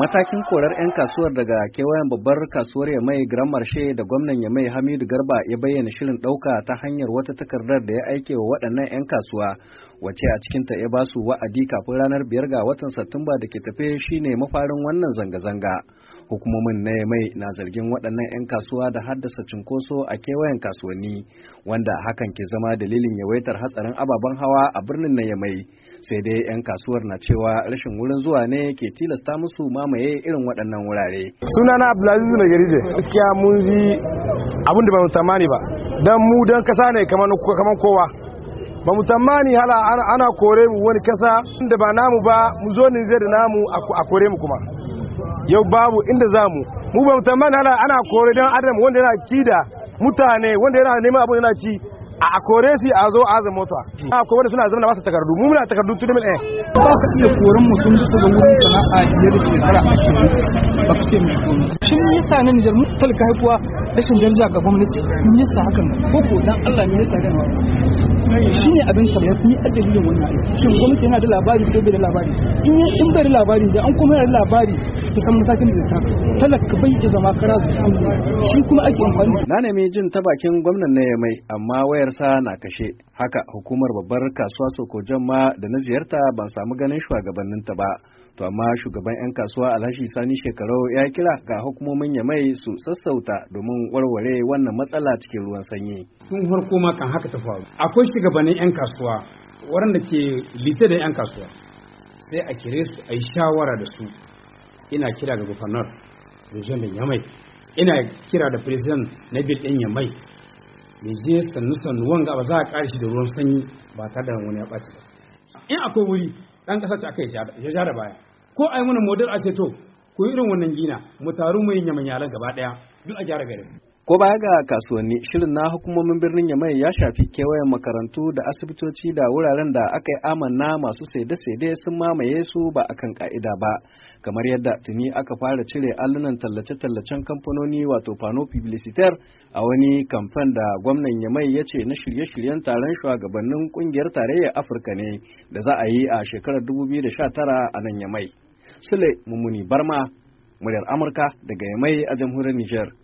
Matakin korar 'yan kasuwar daga kewayen babbar kasuwar ya Yamai Grammar da gwamnan ya mai Hamidu Garba ya bayyana shirin ɗauka ta hanyar wata takardar da ya aike wa waɗannan 'yan kasuwa, wace a cikinta ya basu wa'adi kafin ranar biyar ga watan Satumba da ke tafe shine mafarin wannan zanga-zanga. hukumomin na mai na zargin waɗannan 'yan kasuwa da haddasa cunkoso a kewayen kasuwanni wanda hakan ke zama dalilin yawaitar hatsarin ababen hawa a birnin na mai sai dai 'yan kasuwar na cewa rashin wurin zuwa ne ke tilasta musu mamaye irin waɗannan wurare sunana abdulaziz na garije gaskiya mun ji abin da ba mu tsammani ba dan mu dan kasa ne kamar kowa ba mu tsammani hala ana kore mu wani kasa da ba namu ba mu zo ni da namu a kore mu kuma yau babu inda za mu mu ba mu na ana kore don adam wanda yana da mutane wanda yana neman abin yana ci a kore si a zo a zama mota A wanda suna zama na su takardu mu muna takardu tun mil ba ka iya koren mutum bisa ga wurin sana'a biyar shekara shirin ba ka ke mai koren shin me yasa nan Nijar mun talaka haihuwa rashin daraja ga gwamnati me yasa hakan ko ko dan Allah ne yasa gani shi ne abin sa ya yi adalilin wannan shin gwamnati yana da labari ko bai da labari in bai da labari da an kuma yana da labari kusan matakin da ta talaka bai da zama kara shi kuma ake amfani na nemi jin ta bakin gwamnan na mai amma wayar sa na kashe haka hukumar babbar kasuwa soko jamma da na ziyarta ban samu ganin shugabannin ta ba to amma shugaban 'yan kasuwa alhashi sani shekarau ya kira ga hukumomin yamai su sassauta domin warware wannan matsala cikin ruwan sanyi tun farko ma kan haka ta faru akwai shugabannin 'yan kasuwa waɗanda ke lita da 'yan kasuwa sai a kire su a yi shawara da su ina kira ga gufanar region din yamai ina kira da president na bil din yamai ya je sannu sannu wanga ba za a kare shi da ruwan sanyi ba tare da wani ya ɓaci ba in akwai wuri ɗan ƙasar ce aka ya ja baya ko a yi mana model a ce to ku yi irin wannan gina mu taru mu yi yalan gaba ɗaya duk a gyara garin Ko baya ga kasuwanni shirin na hukumomin birnin Yamai ya shafi kewayen makarantu da asibitoci da wuraren da aka yi amanna masu saide-saide sun mamaye su ba akan ka'ida ba. Kamar yadda tuni aka fara cire allunan tallace-tallacen kamfanoni wato Fano Publicitaire a wani kamfan da gwamnan Yamai ya ce na shirye-shiryen taron shugabannin kungiyar tarayyar Afirka ne da za a yi a shekarar 2019 a nan Yamai. Sule Mumuni Barma, muryar Amurka daga Yamai a jamhuriyar Nijar.